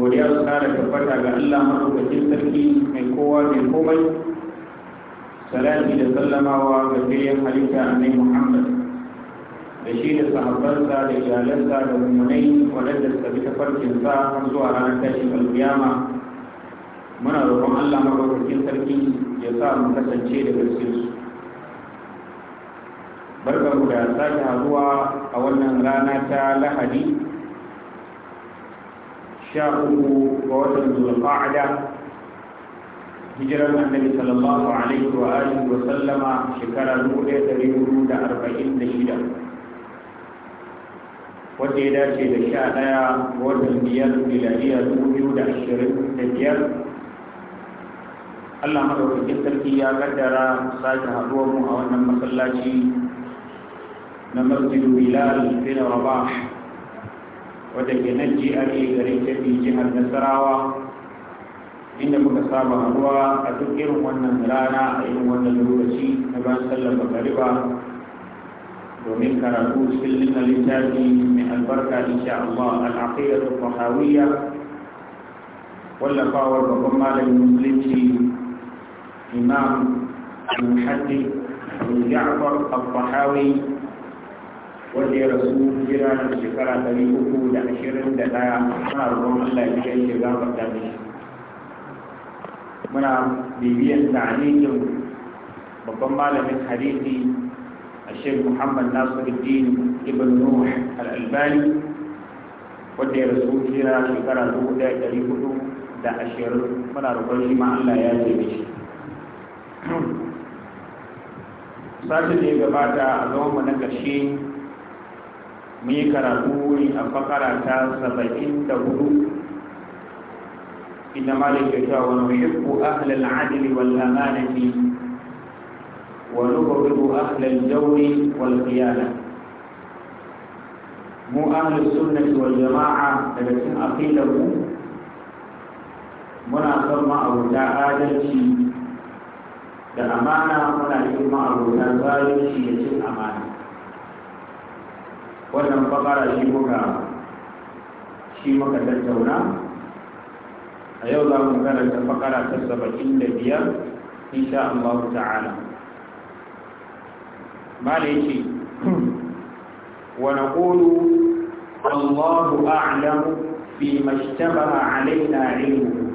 godiya su kara tabbata ga Allah madaukakin sarki mai kowa mai komai salati da sallamawa ga jiyan halitta annai Muhammad da shi da sahabbansa da iyalansa da mummunai waɗanda suka bi tafarkinsa har zuwa ranar tashin alkiyama muna roƙon Allah madaukakin sarki ya sa mu kasance da gaskiyar su barkamu da sake hazuwa a wannan rana ta lahadi sha uku ga watan zulqa'ada hijirar annabi sallallahu alaihi wa alihi wa sallama shekara dubu ɗaya ɗari hudu da arba'in da shida wanda ya dace da sha ɗaya ga biyar miladiya dubu biyu da ashirin da biyar Allah madaukakin sarki ya kaddara sake haɗuwar mu a wannan masallaci na masjidu bilal bin rabah wadda ke nan GRA garin Kebbi jihar Nasarawa inda muka saba haruwa a duk irin wannan rana a irin wannan lokaci na bayan sallar magariba domin karatu cikin lina littafi mai albarka insha Allah al-aqidatu wallafawar babban malamin musulunci imam al-muhaddith Abu Ja'far al wanda ya rasu jira na shekara ɗari uku da ashirin da ɗaya muna ruwan Allah ya kai shi gafarta shi. muna bibiyan ta'alikin babban malamin hadisi a shek muhammad nasiruddin ibn nuh al-albani wanda ya rasu jira shekara dubu ɗaya ɗari hudu da ashirin muna roƙon shi ma Allah ya ce da sati da ya gabata a zama na ƙarshe mu yi karatu wuri a fakara ta saba'in da hudu inda malin ke wani yuhibbu ahlal adli wal amanati wa nubghidu ahlal jawri wala qiyada mu ahlus sunnati wal jama'a daga cin aqidar mu muna son ma'abuta adalci da amana muna yin ma'abuta zalunci da cin amana wannan bakara shi muka shi muka tattauna a yau za mu karanta bakara ta saba'in da biyar insha Allah ta'ala ba da yake wa naqulu Allahu a'lam fi mashtabaha alaina ilmu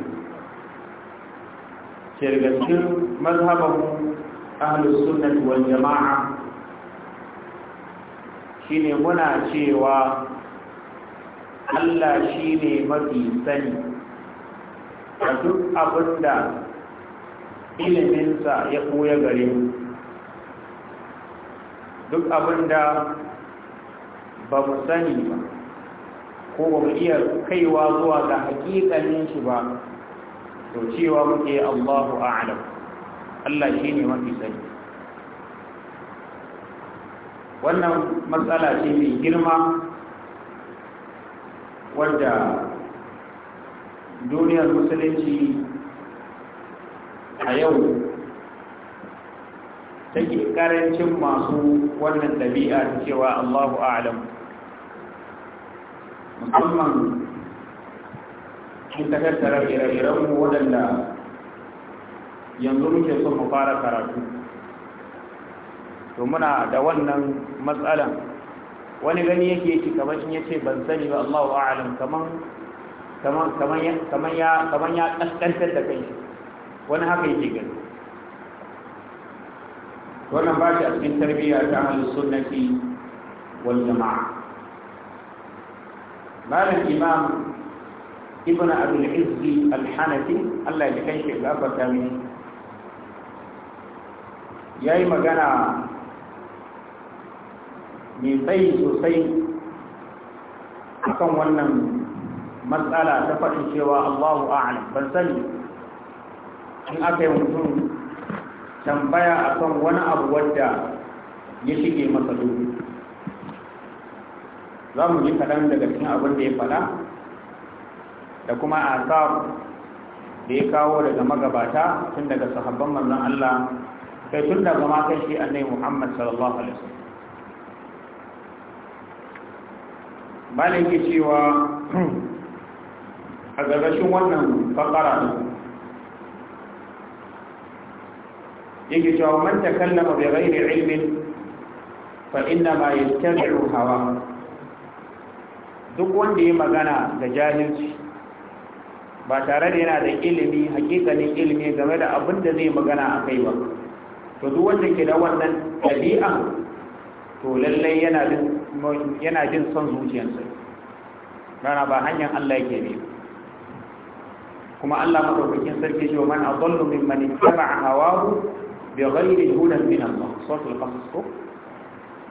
shirgashin mazhabahu ahlus sunnah wal jama'a shine muna cewa Allah shine mafi sani a duk abin da iliminsa ya koya gare duk abin da ba mu sani ba ko ba mu iya kaiwa zuwa ga hakikalin shi ba to cewa muke Allahu a'lam Allah shine mafi sani wannan matsala ce mai girma wadda duniyar musulunci a yau take karancin masu wannan dabi'a da cewa Allahu alam musamman in ta tattara ire-irenmu waɗanda yanzu muke so mu fara karatu to muna da wannan matsalan wani gani yake yake kamar in yace ban sani ba Allahu a'lam kaman kaman kaman ya kaman ya kaman ya kaskantar da kai wani haka yake gani wannan ba shi a cikin tarbiyya ta ahlus sunnati wal jama'a malam imam ibn abul izzi al-hanafi Allah ya kai shi gafarta mini yayi magana mai tsayi sosai akan wannan matsala ta faɗin cewa Allahu a'lam ban sani in aka yi mutum tambaya akan wani abu wadda ya shige masa dubu za mu yi kaɗan daga cikin abin da ya faɗa da kuma asar da ya kawo daga magabata tun daga sahabban manzon Allah kai tun daga ma kai annabi Muhammad sallallahu alaihi wasallam malaki cewa a gagashin wannan fakara yake cewa man takallama bai ghairi ilmin fa inda ma yattabi'u hawa duk wanda ya magana da jahilci ba tare da yana da ilimi hakikalin ilimi game da abin da zai magana a kai ba to duk wanda ke da wannan ɗabi'a to lallai yana duk yana jin son zuciyarsa rana ba hanyar Allah yake ne kuma Allah madaukakin sarki shi wa man adallu mimman ittaba'a hawahu bi ghairi hudan min Allah suratul qasas ko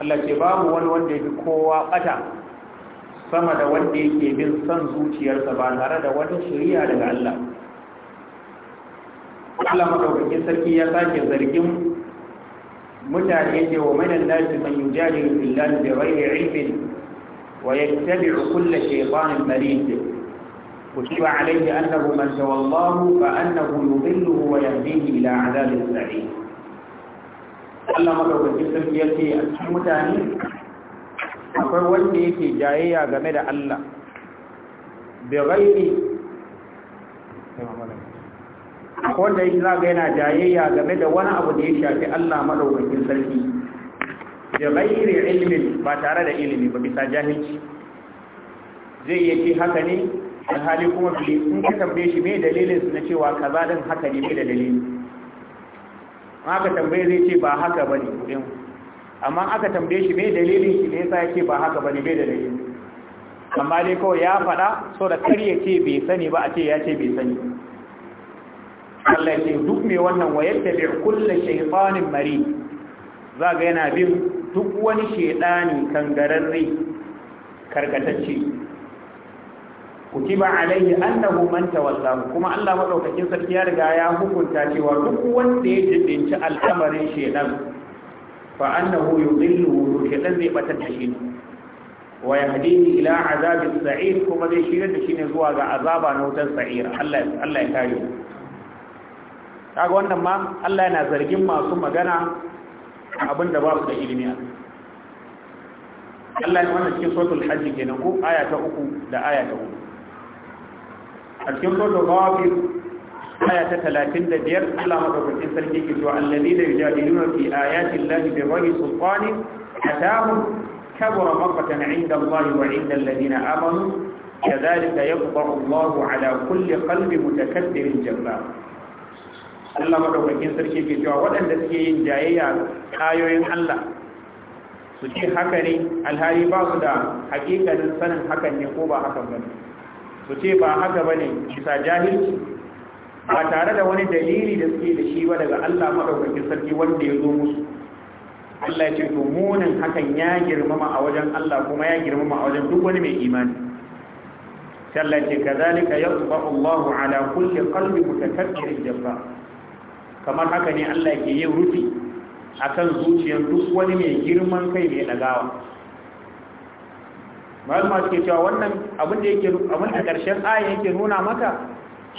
Allah ce babu wani wanda yake kowa bata sama da wanda yake bin son zuciyarsa ba tare da wani shari'a daga Allah Allah madaukakin sarki ya sake zargin متعليته ومن الناس من يجادل في الله بغير علم ويتبع كل شيطان مريض وشوى عليه أنه من سوى الله فأنه يضله ويهديه إلى عذاب السعيد Allah madaukakin ya ce a cikin mutane akwai wanda yake jayayya wanda yake za yana jayayya game da wani abu da ya shafi Allah madaukakin sarki da ghairi ilmi ba tare da ilimi ba bisa jahilci zai ce haka ne alhali kuma bi in ka tambaye shi me dalilin na cewa kaza din haka ne me da dalili aka tambaye zai ce ba haka bane din amma aka tambaye shi me dalilin shi ne yasa yake ba haka bane me da dalili amma dai kawai ya faɗa so da kar ya ce bai sani ba a ce ya ce bai sani Allah ce duk mai wannan wayar da bi kullu shaytanin mari za ga yana bin duk wani shaydani kangararre karkatacce kutiba alaihi annahu man tawallahu kuma Allah madaukakin sarki ya riga ya hukunta cewa duk wanda ya jibinci al'amarin shaydan fa annahu yudillu shaydan zai batar da shi wa yahdihi ila azabi sa'ir kuma zai shirar da shi ne zuwa ga azaba na wutar sair Allah Allah ya kare mu kaga wannan ma Allah yana zargin masu magana abinda ba su da ilimi a Allah ne wannan cikin suratul hajji kenan ko aya ta uku da aya ta hudu a cikin suratul ghafir aya ta 35 Allah madaukakin sarki ke cewa alladheena yujadiluna fi ayati llahi bighayri sultanin atahum كبر مقتا عند الله وعند الذين آمنوا كذلك يطبع الله على كل قلب متكبر جبار Allah madaukakin sarki ke cewa waɗanda suke yin jayayya kayoyin Allah su ce haka ne alhali ba su da hakikanin sanin hakan ne ko ba hakan ba su ce ba haka ba ne bisa jahilci ba tare da wani dalili da suke da shi ba daga Allah madaukakin sarki wanda ya zo musu Allah ya ce to hakan ya girmama a wajen Allah kuma ya girmama a wajen duk wani mai imani sai kazalika yatba'u Allahu ala kulli qalbi mutakabbirin jabbar kamar haka ne Allah ke yin rufi akan zuciyar duk wani mai girman kai mai ɗagawa. malama suke cewa wannan abin da yake abin da karshen aya yake nuna maka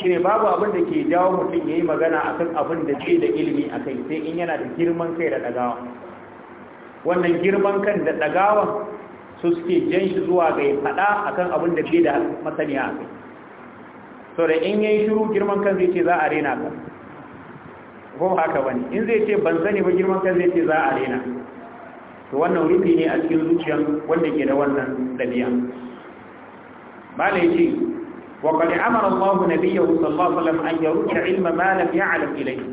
ne babu abin da ke jawo mutum ya yi magana akan abin da ce da ilimi a kai, sai in yana da girman kai da ɗagawa. wannan girman kan da ɗagawa su suke jan shi zuwa ga faɗa akan abin da ce da masaniya kai so da in yayi shiru girman kan zai ce za a rena ka ko haka bane in zai ce ban sani ba girman kai zai ce za a rena to wannan rufi ne a cikin zuciyar wanda ke da wannan dabi'a mala yace wa qad amara Allah nabiyahu sallallahu alaihi wasallam an yurja ilma ma lam ya'lam ilayhi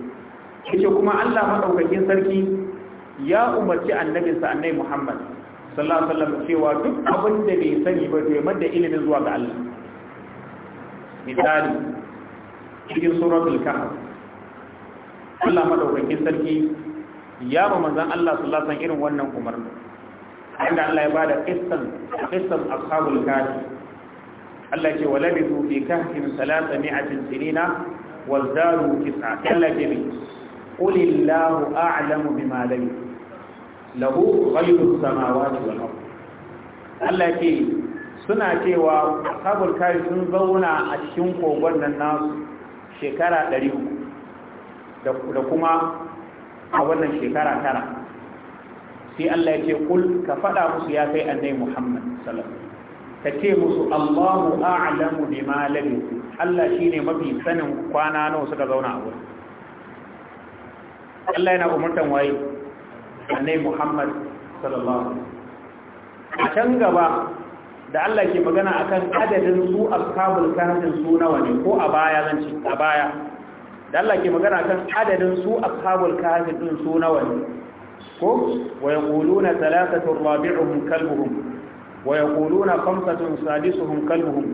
yace kuma Allah madaukakin sarki ya umarci annabinsa annabi Muhammad sallallahu alaihi wasallam cewa duk abin da bai sani ba to ya madda ilimin zuwa ga Allah misali cikin suratul kahf Allah madaukakin sarki ya ba manzan Allah su alaihi irin wannan umarni inda Allah ya ba da qissan ashabul kahfi Allah ce walabithu fi kahfin 300 sinina wazdaru kisa. Allah ce qul illahu a'lamu bima labithu lahu ghayru samawati wal ardh Allah ce suna cewa ashabul kahfi sun zauna a cikin kogon nan nasu shekara 300 da kuma a wannan shekara tara sai Allah ya ce kul ka faɗa musu ya kai annai Muhammad sallallahu ka ce musu Allahu a'lamu bima labisu Allah shine mafi sanin kwana nawa suka zauna a wurin Allah yana umurtan waye annai Muhammad sallallahu alaihi wasallam a can gaba da Allah ke magana akan adadin su ashabul kahfin su nawa ne ko a baya zan ci a baya da Allah ke magana kan adadin su ashabul kahfi din su nawa wani. ko wa yaquluna thalathatu rabi'uhum kalbuhum wa yaquluna khamsatun sadisuhum kalbuhum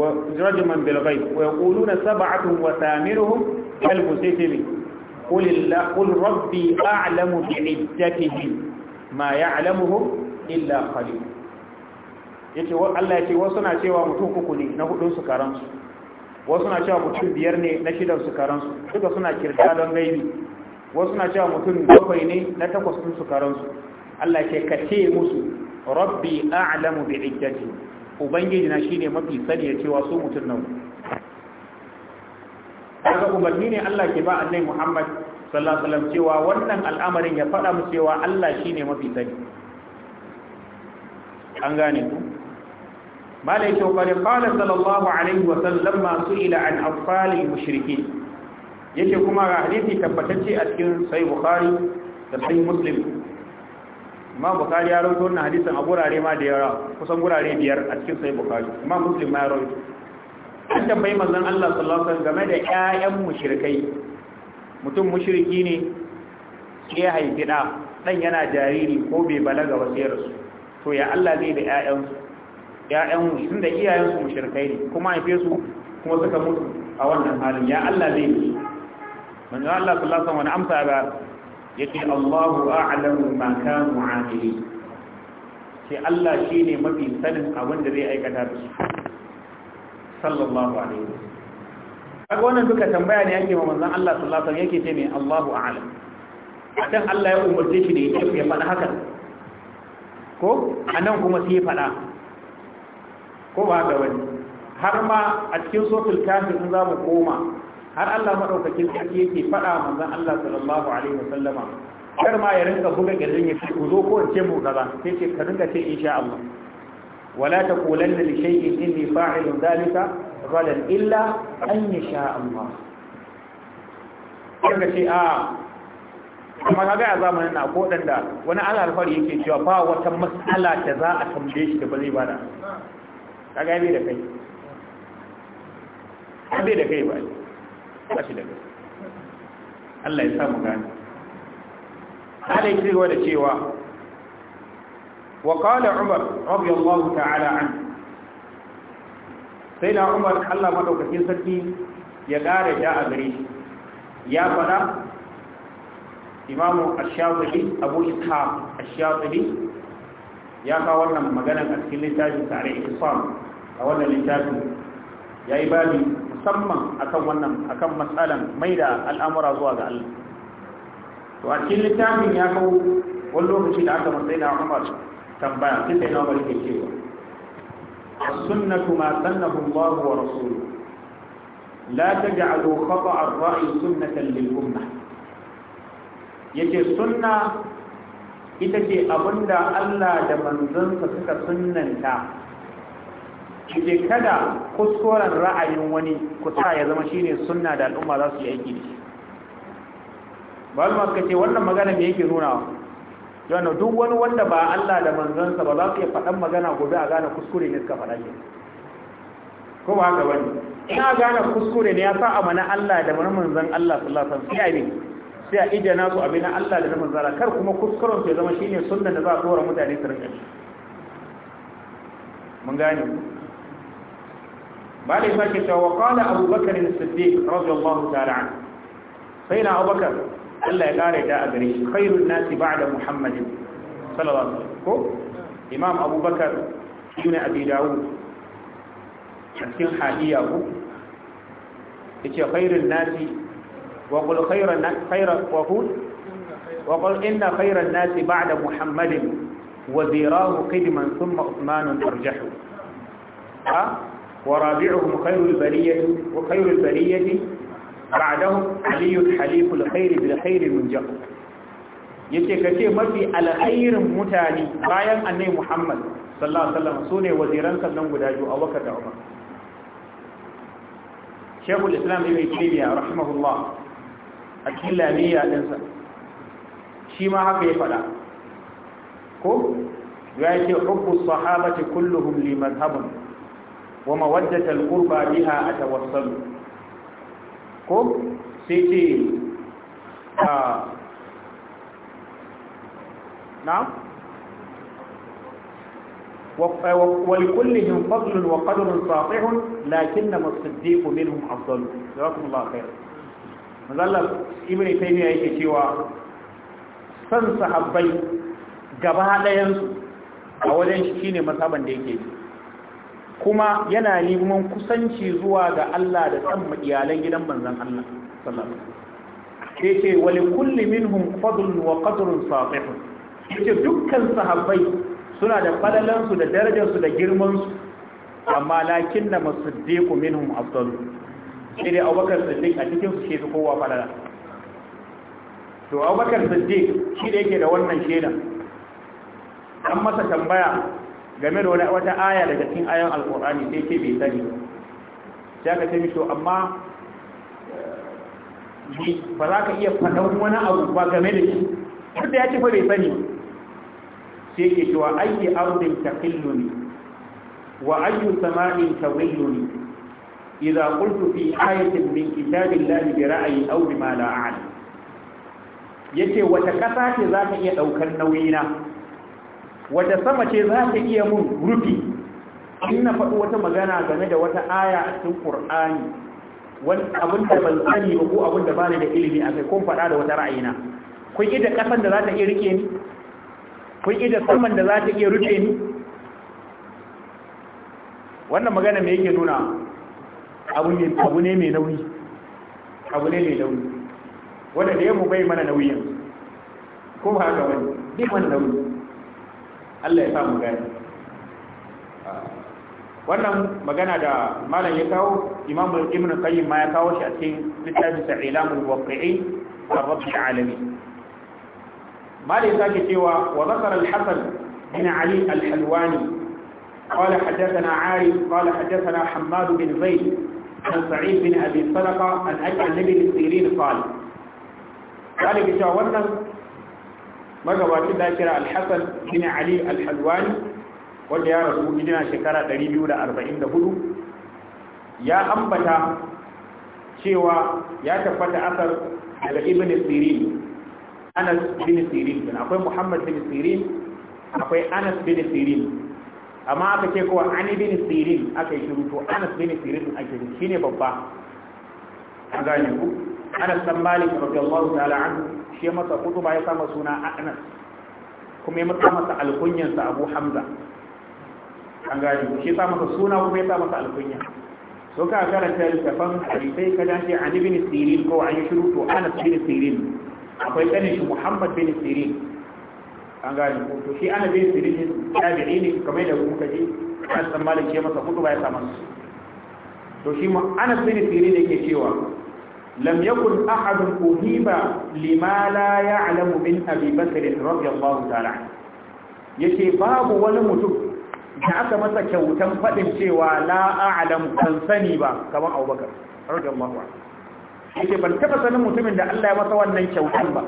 wa rajman bil ghaib wa yaquluna sab'atun wa thaminuhum kalbu sitri qul illa qul rabbi a'lamu bi 'iddatihim ma ya'lamuhum illa qalil yace Allah yace wasu na cewa mutum kuku ne na hudun su karansu wasu na cewa mutum biyar ne na shidan su karansu duka suna kirta don gaibi wasu na cewa mutum bakwai ne na takwas ɗin su karansu Allah ke ka ce musu rabbi a'lamu bi iddati ubangiji na shine mafi sani ya cewa su mutum nan daga umarni ne Allah ke ba annai Muhammad sallallahu alaihi wasallam cewa wannan al'amarin ya faɗa mu cewa Allah shine mafi sani an gane ku malai to qad qala sallallahu alaihi wa sallam ma su'ila an afalil mushrikin yake kuma ga hadisi tabbatacce a cikin sahih bukhari da sahih muslim imam bukhari ya rawaito wannan hadisin a gurare ma da yawa kusan gurare biyar a cikin sahih bukhari imam muslim ma ya rawaito an tambayi manzon Allah sallallahu alaihi wasallam game da ƴaƴan mushrikai mutum mushriki ne sai ya haifi da dan yana jariri ko bai balaga ba su. to ya Allah zai da ƴaƴansu ƴaƴanmu tun da iyayensu mushrikai ne kuma haife su kuma suka mutu a wannan halin ya Allah zai yi manzo Allah sallallahu alaihi wani amsa ga yace Allahu a'lamu ma kanu amili sai Allah shine mafi sanin abin da zai aikata da su sallallahu alaihi wasallam kaga wannan duka tambaya ne yake ma manzon Allah sallallahu alaihi wasallam yake ce me Allahu a'lam akan Allah ya umarce shi da ya faɗa haka ko anan kuma sai ya faɗa ko ba da wani har ma a cikin sotul kafin za mu koma har Allah madaukakin sarki yake faɗa manzon Allah sallallahu alaihi sallama) kar ma ya rinka buga gidan ya ku zo ko ce mu kaza sai ce ka rinka ce insha Allah wala taqulanna li shay'in inni fa'ilun dhalika ghadan illa an yasha Allah kar ce a kuma kaga a zamanin na ko dan da wani alfar yake cewa ba wata mas'ala da za a tambaye shi da ba zai bada kaga bai da kai har bai da kai ba ba shi da kai Allah ya samu gani Allah ya cewa da cewa wa qala Umar radiyallahu ta'ala an sai na Umar Allah madaukakin sarki ya kare da a gare shi ya fada imamu ash-shafi'i abu ishaq ash-shafi'i ya kawo wannan maganar a cikin littafin tare islam a wannan littafin ya yi babi musamman akan wannan akan matsalan mai da al'amura zuwa ga Allah to a cikin littafin ya kawo wani lokaci da aka matsayi na Umar tambaya sai sai na Umar ke cewa as-sunnatu ma sannahu Allah wa rasuluhu la taj'alu khata' ar-ra'i sunnatan lil ummah yace sunna ita ce abinda Allah da manzansa suka sunnanta ke kada kuskuren ra'ayin wani ku sa ya zama shine sunna da al'umma za su yi aiki da shi ba ce wannan magana me yake nuna yana duk wani wanda ba Allah da manzansa ba za su iya faɗan magana gobe a gane kuskure ne suka faɗa ne? ko ba haka bane ina a gane kuskure ne ya sa a mana Allah da manzan Allah sallallahu alaihi wasallam sai a ne na a ije nasu abin Allah da manzara kar kuma kuskuren su ya zama shine sunnan da za a dora mutane su rinka mun gane ba da sake cewa wa qala Abu Bakar as-Siddiq radiyallahu ta'ala anhu sai na Abu Bakar Allah ya kare da a gare shi khairun nasi ba'da Muhammadin sallallahu alaihi wasallam ko Imam Abu Bakar ibn Abi Dawud cikin hadiya ku yace khairun nasi wa qul khairan khairan wa qul wa qul inna khairan nasi ba'da Muhammadin وزيراه قدما ثم عثمان أرجحه ورابعهم خير البرية وخير البرية بعدهم علي الحليف الخير بالخير المنجق يتكتي مفي على خير متاني بايان أني محمد صلى الله عليه وسلم سوني وزيران صلى الله عليه وسلم شيخ الإسلام ابن تيمية رحمه الله أكيلا نية الإنسان شيما كيف لا كم ويأتي حب الصحابة كلهم لمذهبهم wa mawaddatal qurba biha atawassalu ko sai ce a ah, na ولكلهم فضل وقدر ساطع لكنما الصديق منهم أفضل جزاكم الله خيرا mazallar ibn taymiya yake cewa san sahabbai gaba ɗayan a wajen shi shine masaban da yake yi kuma yana neman kusanci zuwa ga Allah da san iyalan gidan manzon Allah sallallahu alaihi ce wali kulli minhum fadl wa qadr safih yace dukkan sahabbai suna da fadalan su da darajar su da girman su amma lakin da masiddiqu minhum afdal sai dai Abubakar Siddiq a cikin su shi kowa fadala to Abubakar Siddiq shi da yake da wannan sheda an masa tambaya game da wata aya daga cikin ayan alkur'ani sai ce bai sani sai ka ce mishi amma eh, ba za ka iya faɗan wani abu ba game da shi wanda ya ce fa bai sani sai ke cewa ayyi ardin taqilluni wa ayyu sama'in tawilluni idza qultu fi ayatin min kitabillahi bi ra'yi aw bima la a'lam yace wata kasa ce za ka iya daukar na? wata sama ce za ta iya mun rufi in na faɗi wata magana game da wata aya a cikin ƙur'ani wani abin da ban sani ba ko abin da ba da ilimi a kai kun faɗa da wata ra'ayina kun ida ƙasan da za ta iya rike ni kun ida saman da za ta iya rufe ni wannan magana me yake nuna abu ne mai nauyi abu ne mai nauyi wanda da yamma bai mana nauyin ko ba haka wani bai mana nauyi Allah ya samu gani wannan magana da malam ya kawo imam ibn qayyim ma ya kawo shi a cikin littafin sa ilamul waqi'i wa rabbil alamin malam ya ke cewa wa zakara al-hasan bin ali al-halwani قال حدثنا عارف قال حدثنا حماد بن زيد عن سعيد بن ابي سلقه عن النبي السيرين قال قال بتاع wannan magabacin da kira alhassan bin ali alhalwani wanda ya rasu hijira shekara 244 ya ambata cewa ya tabbata asar daga ibn sirin anas bin sirin akwai muhammad bin sirin akwai anas bin sirin amma aka ce kowa ani bin sirin aka yi shiru to anas bin sirin ake ne babba an gane ku Anas dan Malik radiyallahu ta'ala an shi ya masa ba ya sama suna Anas kuma ya masa masa alkunyan sa Abu Hamza an gaji. shi ya masa suna kuma ya sa masa alkunya so ka karanta littafin hadisai ka dace an ibn Sirin ko an shiru to Anas bin Sirin akwai kanin shi Muhammad bin Sirin an gani to shi Anas bin Sirin tabi'i ne kamar da kuka ji Anas dan Malik shi masa ba ya sa masa to shi Anas bin Sirin ke cewa lam yakun ahadun uhiba lima la ya'lamu min abi bakr radiyallahu ta'ala yace babu wani mutum da aka masa kyautan fadin cewa la a'lam kan sani ba kaman abubakar radiyallahu anhu yace ban taba sanin mutumin da Allah ya masa wannan kyautan ba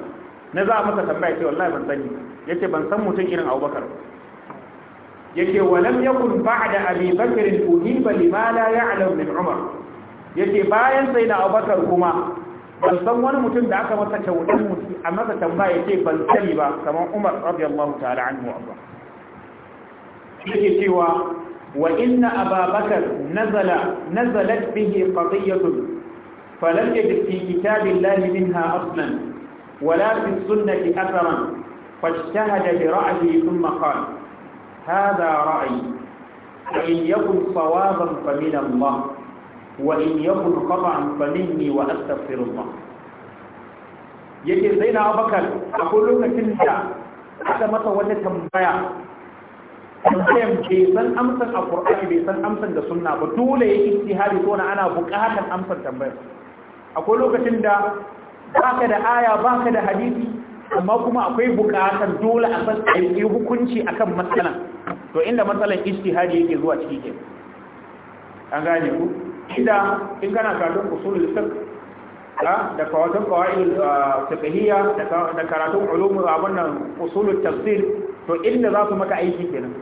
na za a masa tambaya ce wallahi ban sani yace ban san mutum irin abubakar yake walam yakun ba'da abi bakr uhiba lima la ya'lam min umar yake bayan sai na abakar kuma ban san wani mutum da aka masa tawudan mutum a masa tambaya yake ban sani ba kamar umar radiyallahu ta'ala anhu abba yake cewa wa inna ababakar nazala nazalat bihi qadiyatun falam yajid fi kitabillahi minha aslan ولا في السنة أثرا فاجتهد برأيه ثم قال هذا رأي فإن يكن صوابا فمن الله وإن يكن قطعا فمني وأستغفر الله yake sai na abakar akwai lokacin da aka masa wani tambaya tambayan bai san amsan a ƙur'ani bai san amsan da sunna ba dole ya yi istihari ko na ana buƙatar amsan tambayar akwai lokacin da baka da aya baka da hadisi amma kuma akwai buƙatar dole a san a yi hukunci akan matsalan to inda matsalan istihari yake zuwa cikin an gane ku inda in kana karatun usulul fiqh da karatun al ah, fiqhiyya da karatun ulumul abun nan usulul tafsir to inda za ku maka aiki kenan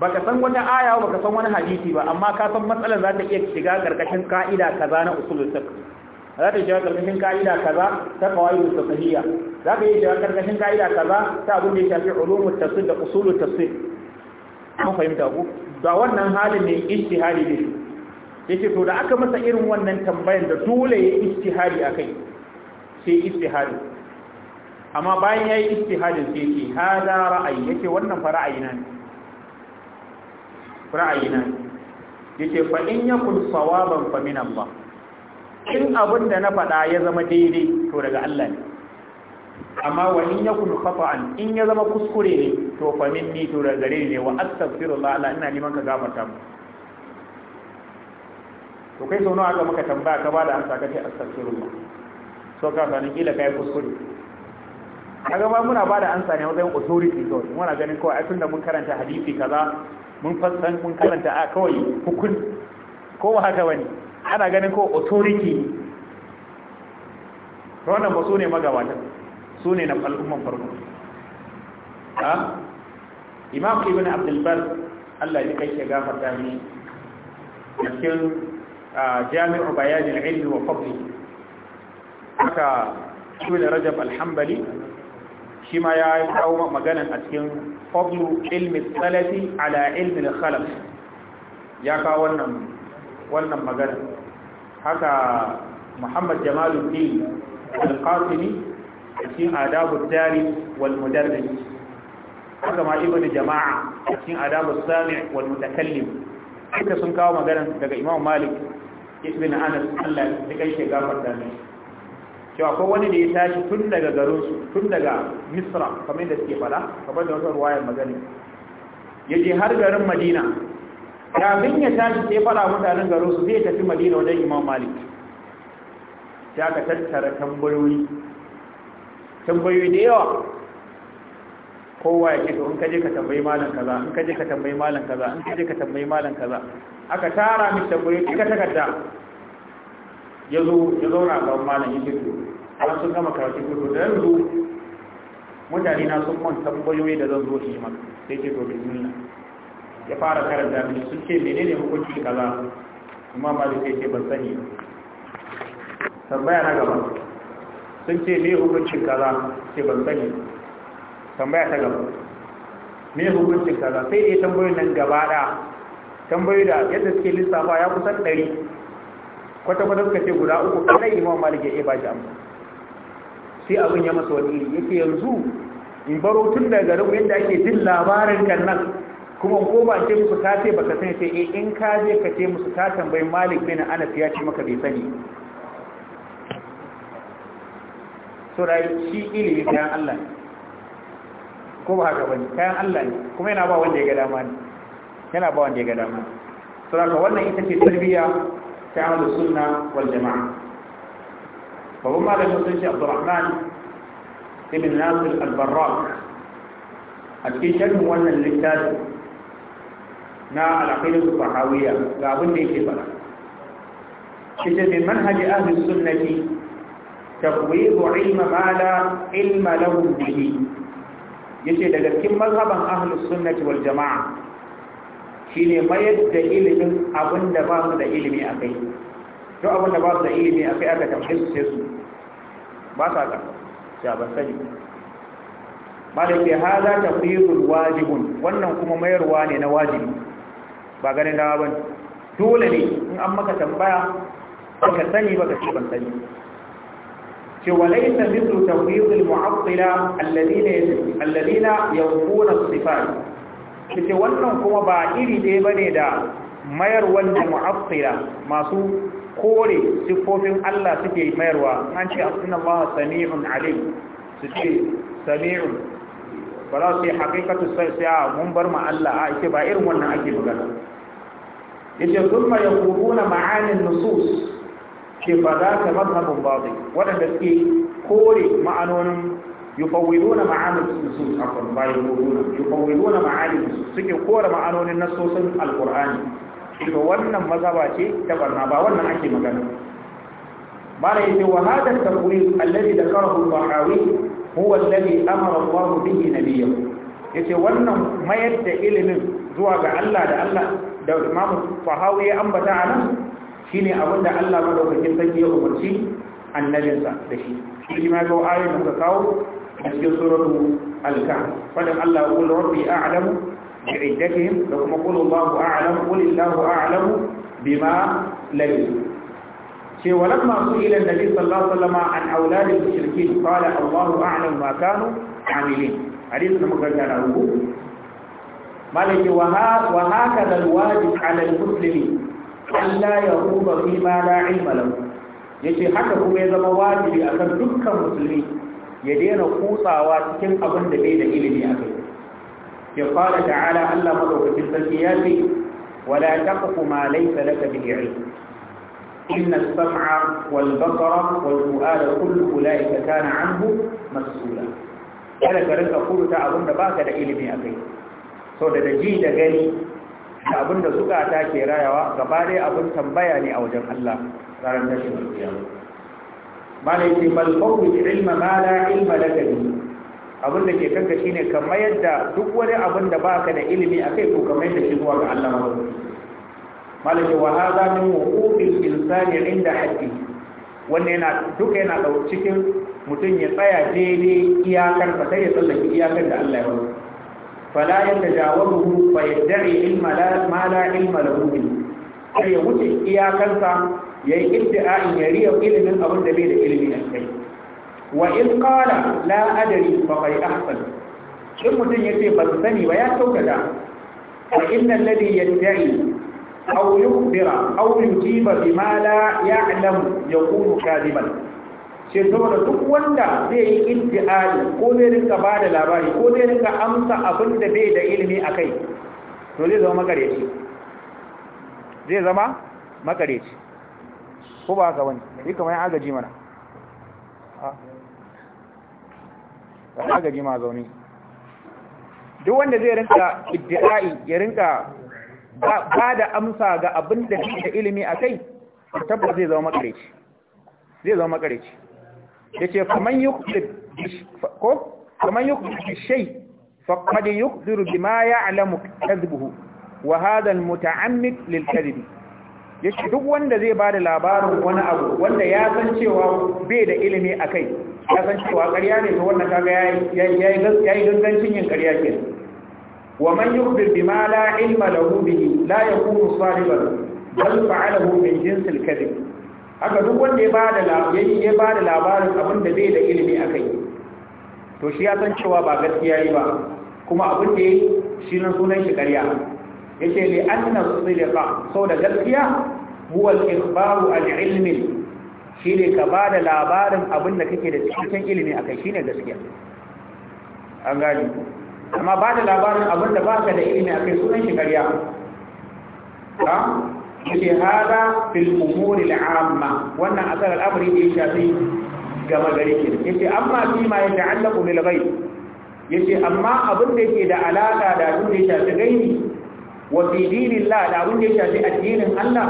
baka san wata aya baka san wani hadisi ba amma ka san matsalar za ta iya shiga karkashin ka'ida kaza na usulul fiqh za ta shiga karkashin ka'ida kaza ta al fiqhiyya za ta iya shiga karkashin ka'ida kaza ta abun da ya shafi ulumul tafsir da usulul tafsir mun fahimta ku da wannan halin ne ishtihadi ne yace to da aka masa irin wannan tambayar da dole ya istihari akai sai istihari amma bayan yayi istiharin sai yace hada ra'ayi yace wannan fa ra'ayina ne ra'ayina ne yace fa in yakun sawaban fa min Allah in abin da na faɗa ya zama daidai to daga Allah ne amma wa in yakun khata'an in ya zama kuskure ne to fa minni to daga gare ne wa astaghfirullah Allah ina neman ka gafarta mu to kai sau nawa aka maka tambaya ka ba da amsa ka ce astaghfirullah so ka sani kila kai kuskure kaga ba muna ba da amsa ne wajen authority to muna ganin kawai a tunda mun karanta hadisi kaza mun fassan mun karanta a kawai hukun ko ba haka bane ana ganin ko authority wannan ba su ne magabatan su ne na al'umman farko imam ibn bar allah ya kai shi gafarta ne cikin jami'u bayanin ilmi wa fadli haka ibn rajab alhambali shi ma ya kawo maganan a cikin fadlu ilmi salafi ala ilmi khalaf ya kawo wannan wannan magana haka muhammad jamaluddin al a cikin adabu dari wal haka ma ibnu jama'a cikin adabu sami' wal mutakallim duka sun kawo magana daga imam malik ibn anas Allah da kai gafar da ni cewa akwai wani da ya tashi tun daga garin su tun daga misra kamar da suke fara kamar da wata ruwayar magani. ya je har garin madina kafin ya tashi sai fara mutanen garin su zai tafi madina wajen imam malik sai aka tattara tambayoyi tambayoyi da yawa kowa ya ce to in kaje ka tambayi malam kaza in kaje ka tambayi malam kaza in kaje ka tambayi malam kaza aka tara mi tambayi ka takarda ya ya zauna a malam yake to an sun gama karatu ko da yanzu mutane na sun man tambayoyi da zan zo shi ma sai ce to bismillah ya fara karanta mi sun ce menene hukunci kaza kuma malam sai ce ban sani tambaya na gaba sun ce me hukuncin kaza sai ban sani tambaya ta gaba me ya hukuncin kaza sai dai tambayoyin nan gaba da tambayoyi da yadda suke lissafa ya kusan ɗari kwata kwata suka ce guda uku kadai imam malik ya ba shi amma, sai abin ya masa wani yake yanzu in baro tun daga garin yadda ake jin labarin kan nan kuma ko ba ce musu ka ce baka sani sai eh in ka je ka ce musu ka tambayi malik bin anas ya ce maka bai sani so shi ilimi kayan Allah ko ba haka bane kayan Allah ne kuma yana ba wanda ya ga dama ne yana ba wanda ya ga dama saboda wannan ita ce tarbiyya ta ahlus sunna wal jamaa babban malamin sun ce Abdurrahman ibn Nasir al-Barrak a cikin sharhin wannan littafi na al-aqidatu tahawiyya ga abin da yake faɗa shi ce min manhaji ahlus sunnati تقويض علم ما لا علم له به yace daga cikin mazhaban ahlus sunnati wal jama'a shine mayar da ilimin abinda ba su da ilimi akai to abinda ba su da ilimi akai aka tambaye su sai su ba sa ka ya ban sani malaka hada tafyidul wajibun wannan kuma mayarwa ne na wajibi ba ganin dawa bane dole ne in an maka tambaya baka sani baka ci ban sani وليس مثل توحيد المعطلة الذين الذين يوفون الصفات kace wannan kuma ba iri ɗaya bane da mayar wanda mu'attila masu kore sifofin Allah suke mayarwa an ce asna Allah sami'un alim su ce sami'un ba za su yi haƙiƙatu sai a ah, mun bar ma Allah a ake ba irin wannan ake magana yace kuma yakubuna ma'anin nusus ce ba za ta mazhabin babu waɗanda suke kore ma'anonin yufawwiduna ma'anin a kan bayan guruna yufawwiduna ma'anin nusus suke kore ma'anonin na nasosin alqur'ani to wannan mazhaba ce ta barna ba wannan ake magana Ba da yace wa hadha at-taqrir alladhi dhakarahu al-bahawi huwa alladhi amara Allah bihi Ya ce wannan mayar da ilimin zuwa ga Allah da Allah da Imam Fahawi ya ambata anan shine abin da Allah madaukakin sarki ya umarci annabinsa da shi shi ma ga ayoyin da suka kawo a cikin suratu al-kahf fadan Allah qul rabbi a'lamu bi iddatihim da kuma qul Allahu a'lam qul Allahu a'lamu bima labis ce walamma su ila annabi sallallahu alaihi wasallam an auladil mushrikin qala Allahu a'lam ma kanu amilin hadith da muka ga rubu malaki wa ha wa hakadha alwajib ala almuslimin Allah ya ruba fi ma la ilma lahu yace haka kuma ya zama wajibi akan dukkan musulmi ya daina kutsawa cikin abin da bai da ilimi a kai ya fara ta'ala Allah madaukakin sarki ya ce wala taqfu ma laysa laka bihi ilm inna as-sam'a wal basara wal fu'ada kullu ulaika kana anhu mas'ula kada ka rinka furta abin da baka da ilimi a kai so da daji da gani da abin da ta ke rayawa gaba dai abin tambaya ne a wajen Allah ranar tashin kiyama ne bal fawwid ilma ma la ilma laka abin da ke kanka shine kamar yadda duk wani abin da baka da ilimi akai ko kamar yadda shi zuwa ga Allah malaki wa hada min wuqufil insani inda haddi wannan yana duka yana cikin mutum ya tsaya daidai iyakar ba sai ya tsallake iyakar da Allah ya bada fala yatajawazuhu fa yad'i ilma la ma la ilma lahu bi sai wuce iyakansa yayi ibtida'in ya riya ilimin abin da bai da ilimi a kai wa in qala la adri fa qad ahsan in mutum yace ban sani ba ya saukata wa inna alladhi yad'i aw yukhbira aw yujiba bima la ya'lam yakunu kadiban ce saboda duk wanda zai yi inti'ali ko zai rinka ba da labari ko zai rinka amsa abin da bai da ilimi a kai to zai zama makareci zai zama makareci ko ba ka wani yi kamar yin agaji mana a agaji ma zaune duk wanda zai rinka iddi'ai ya rinka ba da amsa ga abin da bai da ilimi a kai tabbas zai zama makareci zai zama makareci yace faman yuqdir ko faman yuqdir shay faqad yuqdiru bima ya'lamu kadhibuhu wa hadha almuta'ammid lilkadhib yace duk wanda zai bada labarin wani abu wanda ya san cewa bai da ilimi a kai ya san cewa ƙarya ne to wannan kaga ya yi yayi dangancin yin ƙarya ke wa man yuqdir bima la ilma lahu bihi la yakunu sahiban bal fa'alahu min jinsil kadhib haka duk wanda ya bada labarin ya bada labarin abin da zai da ilimi akai to shi ya san cewa ba gaskiya yi ba kuma abin da yayi shi nan sunan shi ƙarya yace li anna sidqa so da gaskiya huwa al-ikhbaru al-ilmi shi ne ka bada labarin abin da kake da cikakken ilimi akai shine gaskiya an gani amma bada labarin abin da baka da ilimi akai sunan shi ƙarya ha yake hada fil umuri al'amma wannan asar al'amari ne shafi gama gari ke yake amma fi ma yadda allaku bil ghaib yake amma abin da yake da alaka da abin ya shafi gaibi wa fi dinillah da abin da ya shafi addinin Allah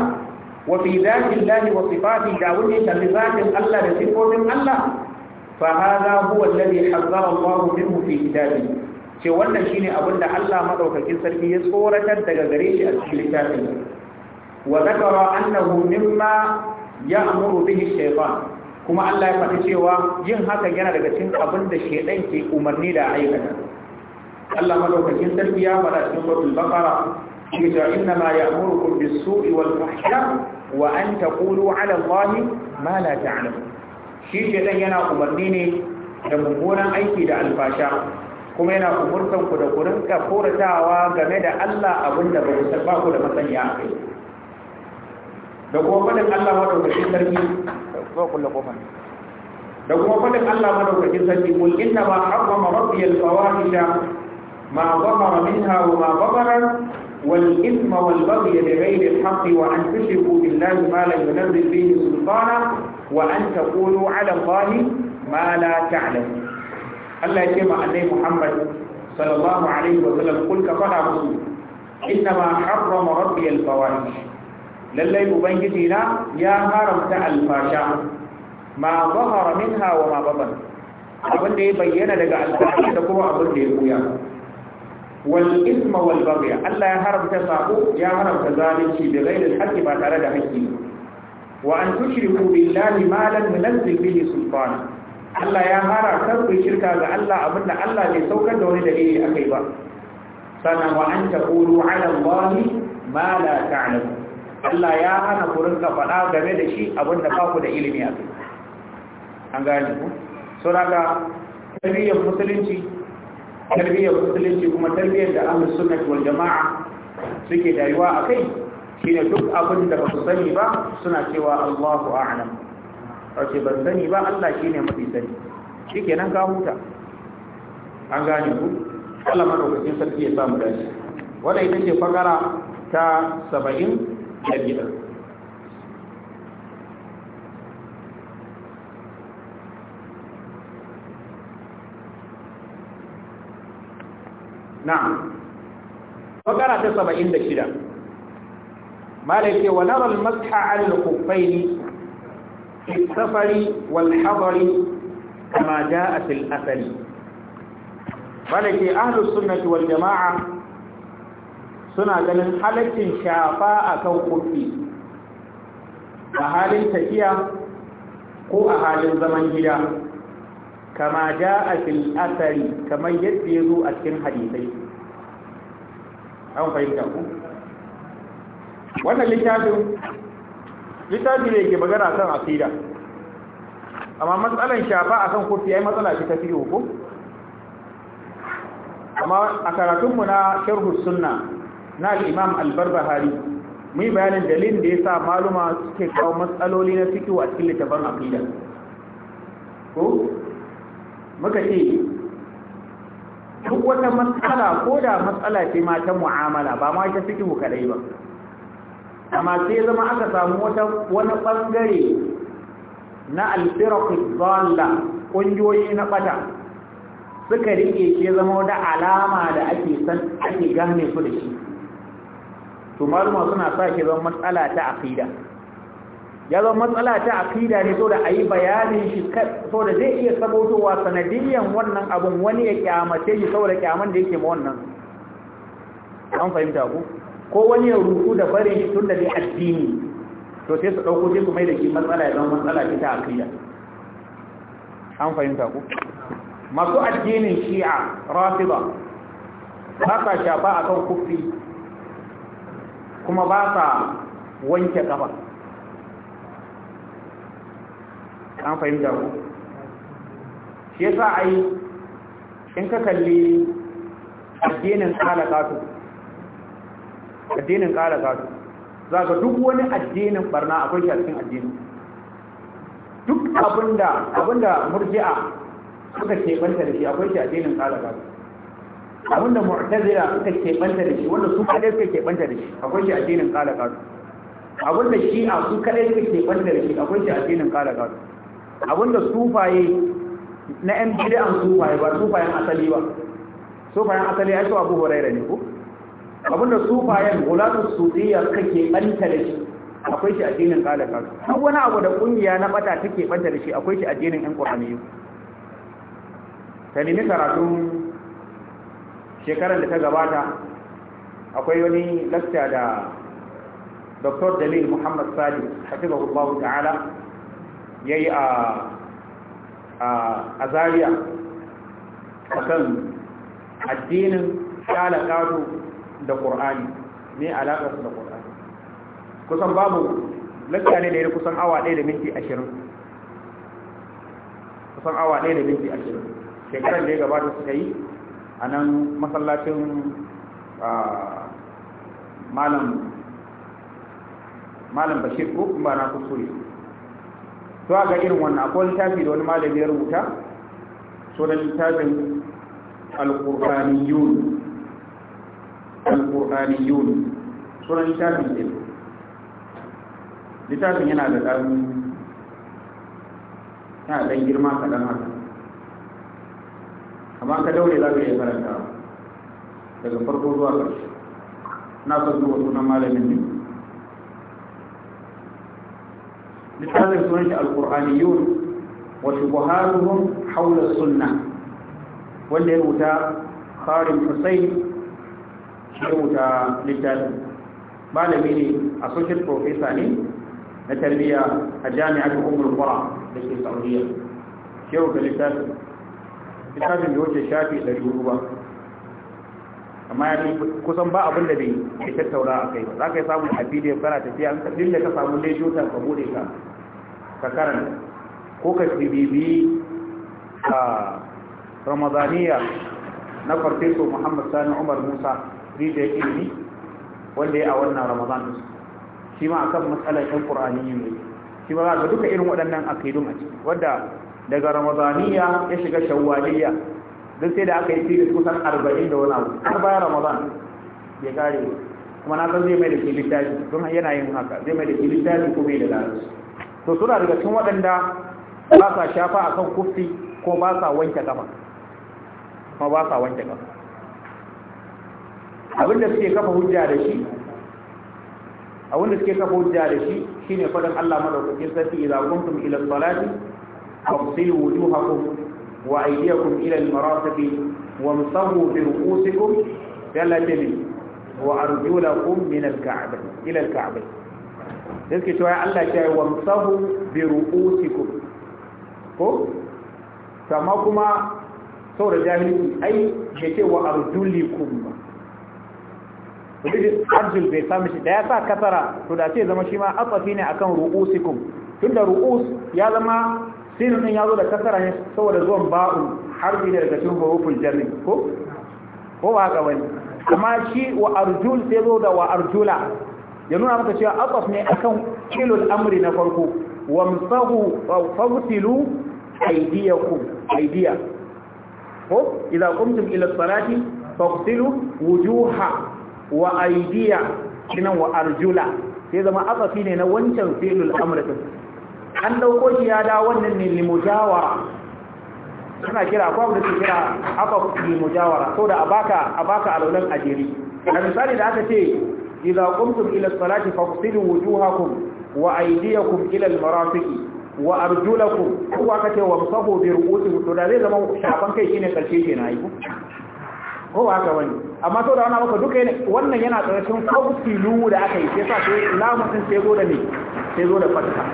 wa fi zatillahi wa sifatihi da abin da ya shafi zatin Allah da sifofin Allah fa hada huwa alladhi hazzara Allah minhu fi kitabihi ce wannan shine abin da Allah madaukakin sarki ya tsoratar daga gare shi a cikin littafin وذكر أنه مما يأمر به الشيطان كما الله يفتح شيوا ين هكا ينا daga cin abin da shedan ke umarni da aikata Allah madaukakin sarki ya fara cikin suratul baqara cewa inna ma ya'murukum bis-su'i wal-fahsha wa an taqulu 'ala Allahi ma la ta'lam shi shedan yana umarni ne da mummunan aiki da alfasha kuma yana umurtan ku da koratawa game da Allah abunda ba da masaniya da kuma fadin Allah madaukakin sarki zo kullu kofar da kuma fadin Allah madaukakin sarki kul inna ma harrama rabbi al fawahisha ma zahara minha wa ma batara wal ithma wal baghy bi ghayri al haqq wa an tushriku billahi ma la yunzil bihi sultana wa an taqulu ala allahi ma la ta'lamun Allah ya ce ma annabi Muhammad sallallahu alaihi wa sallam kul ka fada musu inna ma harrama rabbi al fawahisha lallai ubangiji na ya haramta alfasha ma zahara minha wa ma baban abin da ya bayyana daga alfasha da kuma abin da ya buya wal isma wal baghy Allah ya haramta sako ya haramta zalunci da ghairi haƙƙi ba tare da haƙƙi wa an tushriku billahi ma lam yunzil bihi sultana Allah ya haramta ku shirka ga Allah abinda Allah bai saukar da wani dalili akai ba Sannan wa an taqulu ala Allah ma la ta'lamu Allah ya hana ku rinka faɗa game da shi abinda ba ku da ilimi a kai an gane ku so tarbiyyar musulunci tarbiyyar musulunci kuma tarbiyyar da ahlus sunnah wal jama'a suke a kai shine duk abin da ba su sani ba suna cewa Allahu a'lam wace ban sani ba Allah shine mafi sani shikenan ka huta an gane ku Allah madaukakin sarki ya samu dace wannan ita ce fakara ta 70 ɗabi'a na'am fakara ta saba'in da shida malai ce wa narar masha alil kufaini fi safari wal hadari kama ja'a fil asali malai ce ahlus sunnati wal jama'a suna ganin halaccin shafa a kan kufi a halin tafiya ko a halin zaman gida kama ja a fil asari kamar yadda ya zo a cikin hadisai an fahimta ku wannan littafin littafi ne ke magana kan asira amma matsalan shafa a kan kufi ai matsala ce ta fiye ko amma a karatunmu na sharhu sunna na al'imam albarbahari mai bayanin dalilin da ya sa maluma suke kawo matsaloli na fiki a cikin littafin aƙida ko muka ce duk wata matsala ko da matsala ce ma mu'amala ba ma ta fiki kadai ba amma sai zama aka samu wata wani bangare na alfiraqu dhalla ƙungiyoyi na bata suka rike ke zama wata alama da ake san ake gane su da shi to maluma suna sa shi zan matsala ta aqida ya zan matsala ta aqida ne so da ayi bayanin shi so da zai iya sabotowa sanadiyan wannan abun wani ya kyamace shi saboda kyaman da yake ma wannan an fahimta ku ko wani ya ruku da barin shi tun da dai addini to sai su dauko sai su mai da shi matsala ya zama matsala ta aqida an fahimta ku masu addinin shi'a rafida ba ka shafa akan kufri kuma ba sa wanke kafa an fahimta ku shi yasa ai in ka kalli addinin kalakatu addinin kalakatu za ka duk wani addinin barna akwai shi a cikin addinin duk abinda abinda murji'a suka banta da shi akwai shi addinin kalakatu abinda mu'tazila suka banta da shi wanda su kaɗai suka banta da shi akwai shi addinin kala kasu abinda shi'a su kaɗai suka banta da shi akwai shi addinin kala kasu abinda sufaye na yan bid'an sufaye ba sufayen asali ba sufayen asali ai su abu huraira ne ko abinda sufayen gulatu sufiya suka banta da shi akwai shi addinin kala kasu duk wani abu da kungiya na bata take banta da shi akwai shi addinin yan ƙwaraniyu ta nemi karatun shekarar da ta gabata akwai wani lakta da dr dalil muhammad sadi hafizahullahu ta'ala ya yi a zariya a kan addinin ƙato da ƙur'ani ne alaƙar da ƙur'ani kusan babu lakta ne da ya kusan awa ɗaya da minti ashirin kusan awa ɗaya da minti ashirin shekarar da ya gabata suka yi a nan masallacin malam bashir ko ba na kusuri to ga irin wannan akwai littafi da wani malam ya rubuta da littafin alƙur'aniyun alƙur'aniyun da littafin ɗin littafin yana da ɗan yana ɗan girma kaɗan haka amma ka daure za ka iya karanta daga farko zuwa ƙarshe na son zuwa sunan malamin ne littafin sunan shi alƙur'aniyun wa shubuhatuhum haula sunna wanda ya rubuta kharim husayn shi rubuta littafin malami ne associate professor ne na tarbiyya a jami'ar umar qura da ke saudiya shi rubuta littafin littafin da wuce shafi da shuru ba amma ya kusan ba abin da bai ke tattaura a kai ba za ka yi samun hafi da ya tafiya an kaɗin da ka samu dai shota ka bude ka ka karanta ko ka bibi a ramadaniya na farfeso muhammad sani umar musa rijiyar ilimi wanda ya a wannan ramadan shi ma a kan matsalar yan ƙur'ani ne shi ma za ka duka irin waɗannan akidun a ciki wadda daga ramadaniya ya shiga shawwaliya duk sai da aka yi tilis kusan arba'in da wani abu har bayan ramadan ya kare kuma na san zai mai da ke littafi don yana yin haka zai mai da ke littafi ko mai da lalata to suna daga cikin waɗanda ba sa shafa a kan kufi ko ba sa wanke kafa kuma ba sa wanke kafa abinda suke kafa hujja da shi abinda suke kafa hujja da shi shine faɗin Allah madaukakin sarki idza kuntum ila salati فاغسلوا وجوهكم وأيديكم إلى المرافق وامسحوا برؤوسكم ثلاثة وأرجلكم من الكعبة إلى الكعبة ذلك شوية الله شاء وامسحوا برؤوسكم ko sama kuma saboda jahilci ai ya ce wa arjulikum ba arjul bai sami shi da ya sa kasara to da ce zama shi ma ne akan ru'usikum tunda ru'us ya zama sinu din ya zo da kasara ne saboda zuwan ba'u harfi ne daga cikin huruful jarri ko ko ba haka bane amma shi wa arjul sai zo da wa arjula ya nuna maka cewa aqaf ne akan kilul amri na farko wamsahu fawtilu aydiyakum aydiya ko idza qumtum ila salati fawtilu wujuha wa aydiya kinan wa arjula sai zama aqafi ne na wancan filul amri an dauko shi ya da wannan ne limujawara suna kira akwai wanda su kira aka mujawara so da abaka abaka alaunan ajiri a misali da aka ce idza qumtum ila salati faqsilu wujuhakum wa aydiyakum ila almarafiqi wa arjulakum ko aka ce wamsahu bi ru'usikum to da zai zama shafan kai shine karshe kenan ai ko ba haka wani amma to da wani maka duka wannan yana tsarkin lumu da aka yi sai sa sai lamun sai zo da ne sai zo da fatka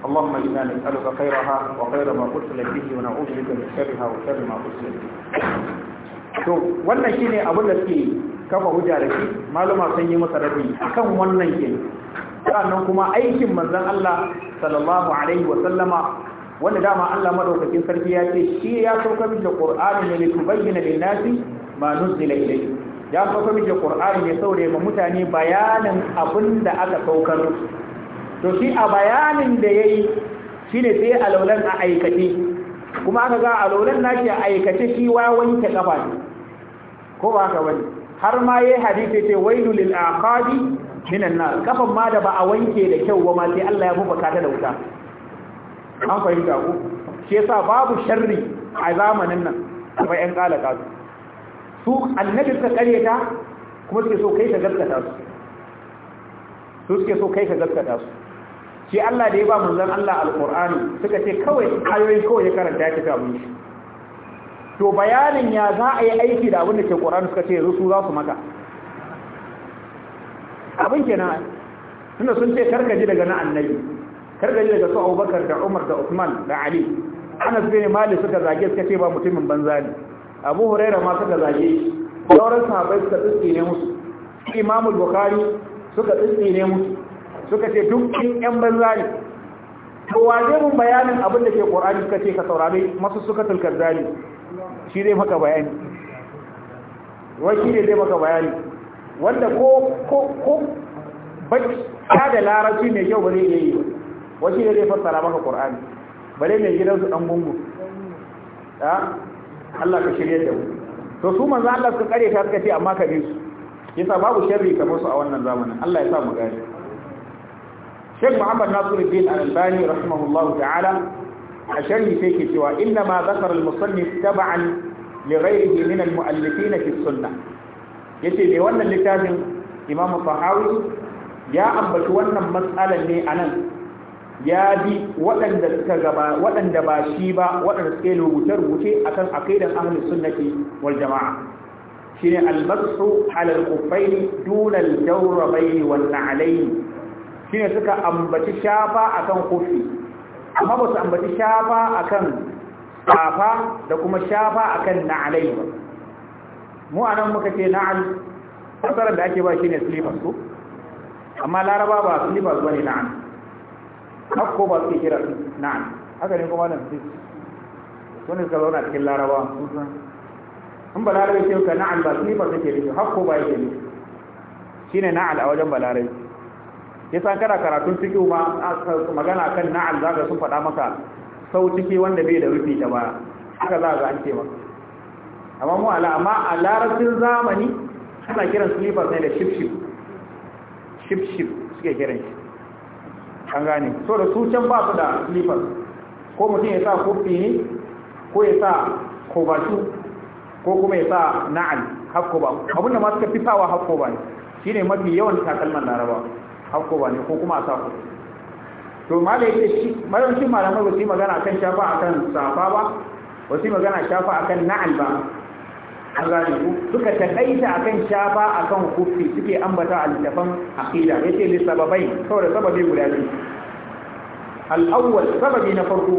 اللهم إنا نسألك خيرها وخير ما أرسلت به ونعوذ بك من شرها وشر ما أرسلت به to wannan shine abin da suke kafa hujja da shi maluma sun yi masa rabi akan wannan ke sannan kuma aikin manzon Allah sallallahu alaihi wa sallama wanda dama Allah madaukakin sarki ya ce shi ya sauka min da Qur'ani ne tubayyana lin nasi ma nuzila ilayhi ya sauka min da Qur'ani ne saboda ma mutane bayanin abin da aka saukar to shi a bayanin da ya yi shi ne sai alaulan a aikace kuma aka ga a na nake a aikace shi wa wanke kafa ne ko ba ka wani har ma ya yi hadisi ce wailu lil aqabi minan nar kafan ma da ba a wanke da kyau ba ma sai Allah ya bubaka ta da wuta an fahimta ku shi yasa babu sharri a zamanin nan kuma yan kalaka su annabi ka ta kuma suke so kai ka gaskata su su suke so kai ka gaskata su shi Allah da ya ba manzon Allah alqur'ani suka ce kawai ayoyi kawai ya karanta ya tafi mun shi to bayanin ya za a yi aiki da abin da ke qur'ani suka ce yanzu su za su maka abin kenan tunda sun ce karkaji daga na annabi karkaji daga su Abubakar da Umar da Uthman da Ali Anas bin Malik suka zage suka ce ba mutumin banza ne Abu huraira ma suka zage shi sauran sahabbai suka tsine musu Imam Bukhari suka tsine musu suka ce duk in yan banza ne to waje mun bayanin abin da ke qur'ani suka ce ka saurare masu suka tulkar zali shi zai maka bayani wai shi ne zai maka bayani wanda ko ko ko bacca da larabci mai kyau ba zai iya yi ba wai shi ne zai fassara maka qur'ani bare mai gidansu dan gungu ah, Allah ka shirye da mu to su manzo Allah suka kare ta suka ce amma ka bi su yasa babu sharri kamar su a wannan zamanin Allah ya sa mu gani Sheikh Muhammad Nasiruddin Al-Albani rahimahullahu ta'ala a sharhi sai ke cewa inna ma zakar al-musannif tab'an li ghayrihi min al-mu'allifin fi sunnah yace me wannan littafin Imam Tahawi ya ambaci wannan matsalar ne anan ya bi waɗanda suka gaba waɗanda ba shi ba waɗanda suke rubuce-rubuce akan aqidan ahlus sunnati wal jama'a shine al-mashu ala al-quffaini duna al-jawrabaini wal shine suka ambaci shafa akan kofi amma ba su ambaci shafa akan safa da kuma shafa akan na'alai ba mu anan muka ce na'al fasarar da ake ba shine silifas ko amma laraba ba silifas ne na'al hakko ba su kira na'al haka ne kuma nan wani suka zauna cikin laraba in san in balarabe ce ka na'al ba silifas ke nufi hakko ba yake nufi shine na'al a wajen balarabe yasa kana karatun fiqh ba magana kan na'al zaka sun faɗa maka sau ciki wanda bai da rufi ta baya haka za ga an ce maka amma mu ala amma a larabcin zamani ana kiran slippers ne da ship ship ship ship suke kiran shi an gane so da su can ba su da slippers ko mutum ya sa kofi ne ko ya sa kobashu ko kuma ya sa na'al hakko ba abinda ma suka fi sawa hakko ba ne shine mafi yawan takalman laraba hakko ba ne ko kuma a sako to mala yake shi malamci malamai ba su yi magana kan shafa a kan safa ba ba su yi magana shafa a kan na'al ba an gane ku suka a kan shafa a akan kufi suke ambata a littafan aqida yace li sababai saboda sababai guda biyu al sababi na farko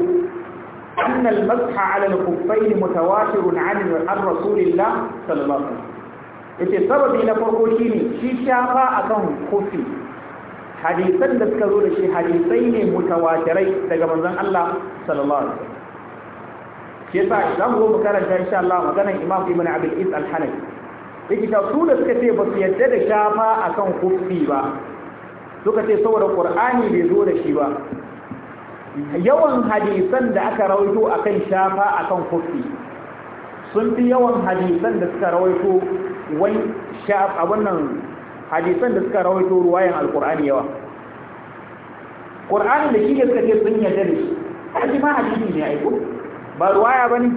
أن المسح على الخفين متواتر عن رسول الله صلى الله عليه وسلم yace sababi na farko shine shi shafa akan kufi hadisan da suka zo da shi hadisai ne mutawatirai daga manzon Allah sallallahu alaihi wasallam shi yasa za mu karanta insha Allah maganar Imam Ibn Abdul Is al-Hanafi yake ta su da suka ce ba su yadda da shafa akan kufi ba suka ce saboda Qur'ani bai zo da shi ba yawan hadisan da aka rawaito akan shafa akan kufi sun fi yawan hadisan da suka rawaito wani shafa wannan hadisan da suka rawaito ruwayan alkur'ani yawa ƙur'ani da shi da suka ce sun yadda da shi kaji ma hadisi ne aiko ba ruwaya ba ne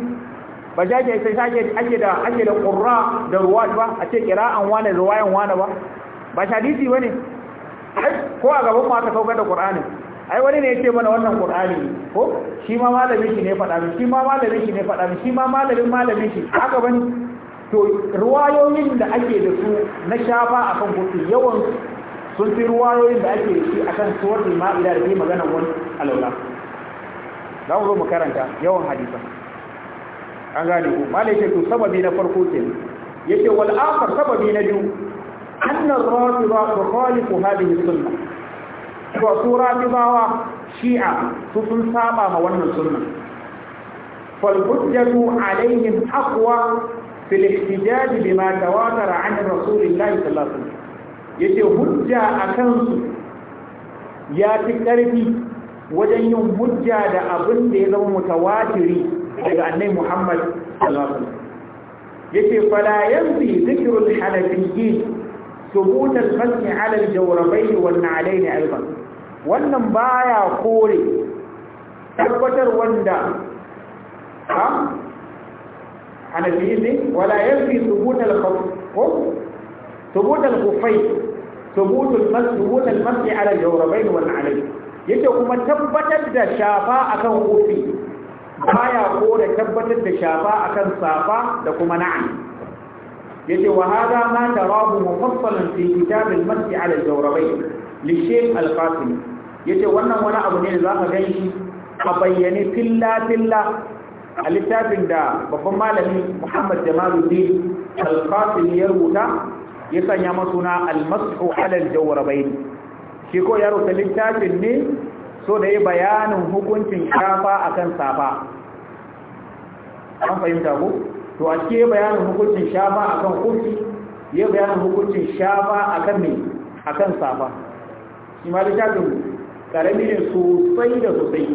ba jaji sai sake ake da ake da ƙurra da ruwa ba a ce an wane ruwayan wane ba ba hadisi ba ne ko a gaban ma ta saukar da ƙur'ani ai wani ne ya ce mana wannan ƙur'ani ko shi ma malamin shi ne faɗa shi ma malamin shi ne faɗa shi ma malamin malamin shi haka ba ne to ruwayoyin da ake da su na shafa akan hutu yawan sun fi ruwayoyin da ake da shi akan suwar ma'ida da ke magana wani alaula za mu zo mu karanta yawan hadisan an gane ku malai ce to sababi na farko ke Ya ce akhar sababi na biyu An annar rafida tukhalifu hadhihi sunna to su rafidawa shi'a su sun saba ma wannan sunna fal a alaihim aqwa في الاحتجاج بما تواتر عن رسول الله صلى الله عليه وسلم yace hujja a kansu ya fi ƙarfi wajen yin hujja da abin da ya zama mutawatiri daga annai Muhammad sallallahu alaihi wasallam yace fala yanfi dhikrul halafiyyi ثبوت الفتح على الجوربين والنعلين ايضا wannan baya kore tabbatar wanda ha hanafi ne wala yanfi thubut al-khuf thubut al-khufai thubut al-mas thubut al-mas ala al-jawrabayn wal alayhi yake kuma tabbatar da shafa akan kufi baya ko da tabbatar da shafa akan safa da kuma na'am yace wa hada ma tarahu mufassalan fi kitab al-mas ala al-jawrabayn li shaykh al-qasim yace wannan wani abu ne da za ka ganshi? a bayyane filla filla a littafin da babban malami Muhammad Jamaluddin Al-Qasim ya rubuta ya sanya masuna Al-Mas'u 'ala al-Jawrabayn shi ko ya rubuta littafin ne so da ya bayanin hukuncin shafa akan safa an fahimta ko to a cikin bayanin hukuncin shafa akan kursi ya bayanin hukuncin shafa akan me akan safa shi ma littafin karami ne sosai da sosai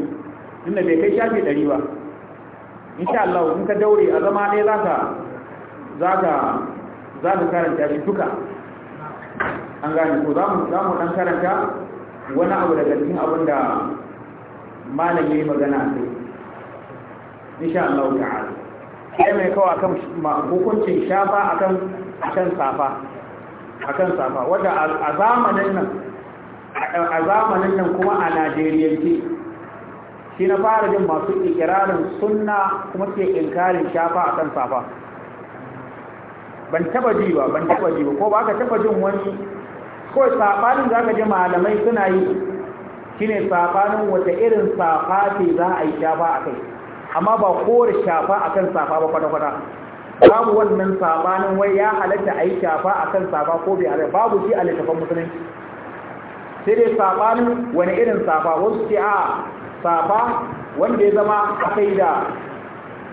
tunda bai kai shafi ɗari ba insha Allah in ka daure a zama ne zaka zaka ka karanta shi duka an gane ko zamu mu dan karanta wani abu daga cikin abin da malami ya magana sai insha Allah ta'ala sai mai kawa kan hukuncin shafa akan akan safa akan safa wanda a zamanin nan a zamanin nan kuma a Najeriya ce Shi na fara jin masu ikirarin sunna kuma ke inkarin shafa a kan safa ban taba ji ba ban taba ji ba ko ba ka taba jin wani ko safanin za ka ji malamai suna yi Shi ne safanin wata irin safa ce za a yi shafa a kai amma ba kowar shafa a kan safa ba kwata-kwata babu wannan safanin wai ya halatta a yi shafa a kan safa ko bai halatta babu shi a littafin musulunci sai dai safanin wani irin safa wasu ce a safa wanda ya zama akai da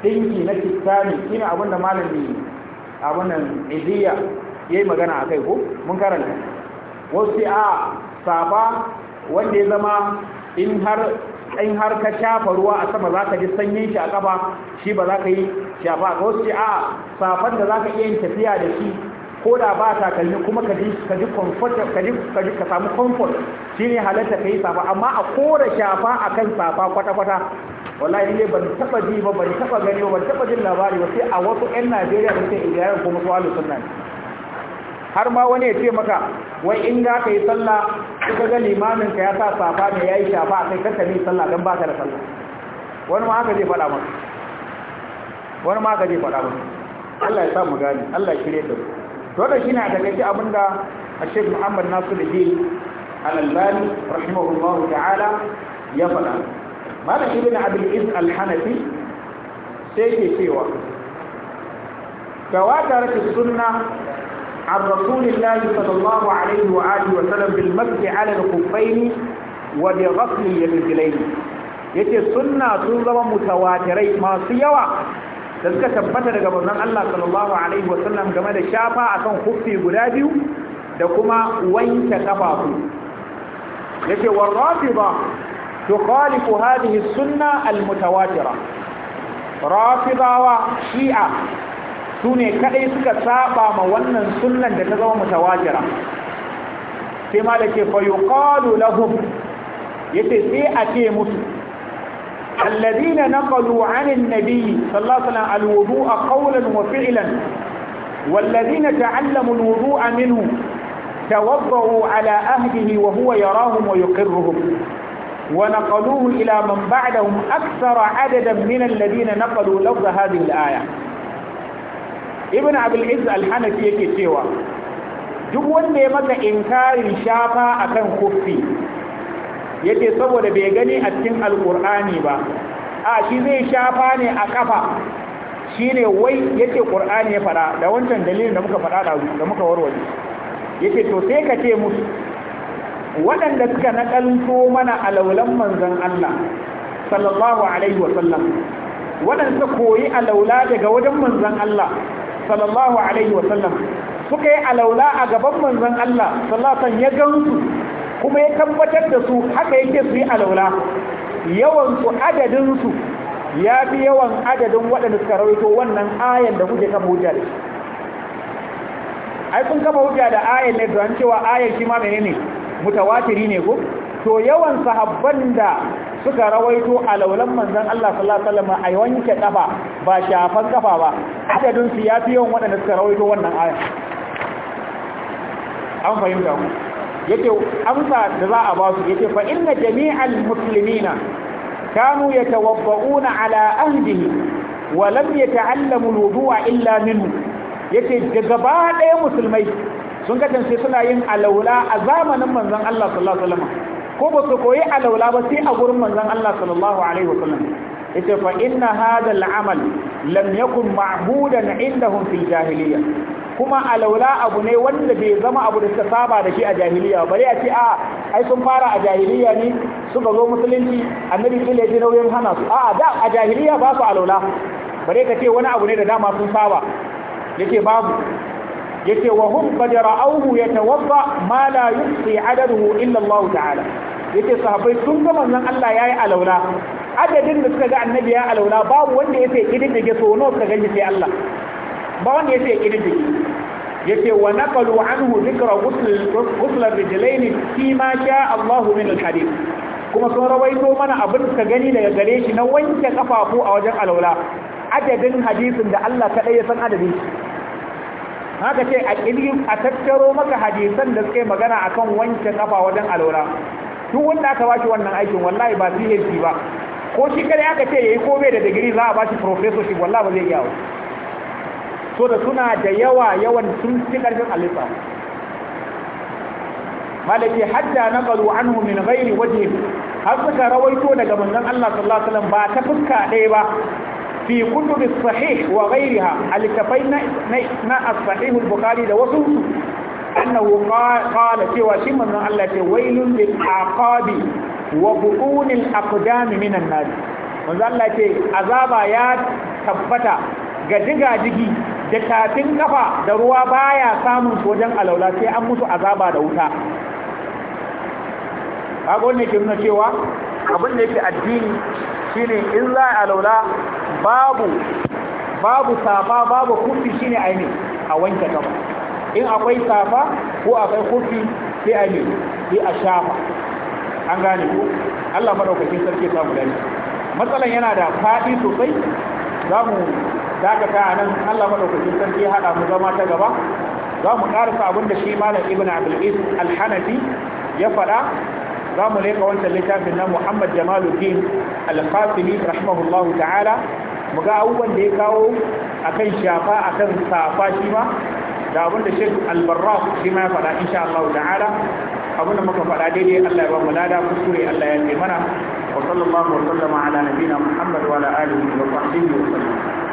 dinki na kittani shine abin da malami abin nan idiya yayi magana akai ko mun karanta wasu a safa wanda ya zama in har in har ka shafa ruwa a sama za ka ji sanyin shi a kafa shi ba za ka yi shafa ga wasu a safan da za ka iya yin tafiya da shi ko da ba kalli kuma ka ji ka ji comfort ka ji ka ji ka samu comfort halatta kai safa amma a kora shafa akan safa kwata kwata wallahi ne ban taba ji ba ban taba gani ba ban taba jin labari ba sai a wasu ƴan Najeriya da suke iyayen kuma su sunan har ma wani ya ce maka wai in ga kai sallah kuka ga limamin ka ya sa safa ne yayi shafa kai ka ne sallah dan baka da sallah wani ma haka zai faɗa maka wani ma haka zai faɗa maka Allah ya sa mu gani Allah ya kire da mu shi ne a takaice abinda Sheikh Muhammad Nasiruddin Al-Albani rahimahullahu ta'ala ya faɗa malam ibn Abdul Aziz Al-Hanafi sai ke cewa تواترت السنة عن رسول الله صلى الله عليه وآله وسلم بالمسح da الخفين وبغسل Ya yace sunna sun zama mutawatirai masu yawa da suka tabbata daga manzon Allah sallallahu alaihi wasallam game da shafa akan kuffi guda biyu da kuma wanke kafafu yace wa rafida tukhalifu hadhihi sunna al mutawatira rafidawa shi'a sune kadai suka saba ma wannan sunnan da ta zama mutawatira sai ma da ke fa yuqalu lahum yace sai a ce musu الذين نقلوا عن النبي صلى الله عليه وسلم الوضوء قولا وفعلا والذين تعلموا الوضوء منه توضؤوا على أهله وهو يراهم ويقرهم ونقلوه إلى من بعدهم أكثر عددا من الذين نقلوا لفظ هذه الآية ابن عبد العز الحنفي yake cewa duk wanda إنكار maka أكن خفي yake saboda bai gani a cikin Alƙur'ani ba a shi zai shafa ne a ƙafa, shi ne wai yake ƙur'ani ya fara da wancan dalilin da muka fara da muka warware yake to sai ka ce musu waɗanda suka nakalto mana a laulan manzan Allah sallallahu alaihi wa sallam waɗanda suka koyi a laula daga wajen manzan Allah sallallahu alaihi wa sallam suka yi a laula a gaban manzan Allah sallallahu ya gansu kuma ya tabbatar da su haka yake su yi alaula yawan su adadin su ya fi yawan adadin waɗanda suka rawaito wannan ayan da kuke kama hujja da shi ai kun kama hujja da ayan ne don cewa ayan shi ma menene mutawatiri ne ko to yawan sahabban da suka rawaito alaulan manzon Allah sallallahu alaihi wasallam ai wanke kafa ba shafan kafa ba adadin su ya fi yawan waɗanda suka rawaito wannan ayan an fahimta ku yake amsa da za a ba su yake fa inna jami'al muslimina kanu yatawadda'una ala ahdihi wa lam yata'allamu alwudu'a illa minhu yace gaba ɗaya musulmai sun kasance suna yin alaula a zamanin manzon Allah sallallahu alaihi wasallam ko ba su koyi alaula ba sai a gurin manzon Allah sallallahu alaihi wasallam yace fa inna hadha al'amal lam yakun ma'budan indahum fil jahiliyyah kuma alaula abu ne wanda bai zama abu da suka saba da shi a jahiliya Bari a ce a ai sun fara a jahiliya ne suka zo musulunci annabi kila ya ji nauyin hana su a da a jahiliya ba su alaula bare ka ce wani abu ne da dama sun saba yake babu yake wa hum qad ra'awhu yatawadda ma la yusi adaduhu illa Allah ta'ala yake sahabbai sun ga manzon Allah yayi alaula adadin da suka ga annabi ya alaula babu wanda yake ke so nawa suka gani sai Allah ba wanda yake so. yace wa naqalu anhu dhikra ghusl ar-rijlayn fi ma sha Allah min al kuma sun rawaito mana abin ka gani daga gare shi na wanke kafafu a wajen alaula. adadin hadisin da Allah kadai ya san adadin haka ce a ƙirgin a tattaro maka hadisan da suke magana akan wanke kafa wajen alaula. duk wanda aka bashi wannan aikin wallahi ba PhD ba ko shi kare aka ce yayi ko bai da digiri za a bashi professorship wallahi ba zai iya ba so da suna da yawa yawan sun fi ƙarfin alifa malaki hadda na an anhu min ghairi waje har suka rawaito daga manzon Allah sallallahu alaihi wasallam ba ta fuska ɗaya ba fi kutubi sahih wa ghairiha alitafai na na as-sahih al-bukhari da wasu annahu qala cewa shi manzon Allah ce wailun lil aqabi wa buqun al-aqdam min an-nar manzon Allah ce azaba ya tabbata ga digajigi da tafin kafa da ruwa baya samun sojan wajen alaula sai an musu azaba da wuta kaga wannan ke nuna cewa abin da yake addini shine in za alaula babu babu safa babu kufi shine aini a wanke kafa in akwai safa ko akwai kufi sai aini sai a shafa an gane ko Allah madaukakin sarki samu dani matsalan yana da fadi sosai za mu da aka ta nan Allah madaukakin sarki ya haɗa mu zama ta gaba za mu karasa abin da shi malam ibn abdul is al-hanafi ya faɗa za mu leka wancan littafin na muhammad jamaluddin al-fasili rahimahullahu ta'ala mu ga abubuwan da ya kawo akan shafa akan safa shi ma da abin da shekul albarra shi ma ya faɗa insha Allah ta'ala abin da muka faɗa daidai Allah ya ba mu lada kuskure Allah ya ce mana wa sallallahu wa sallama ala nabiyina muhammad wa ala alihi wa sahbihi wa sallam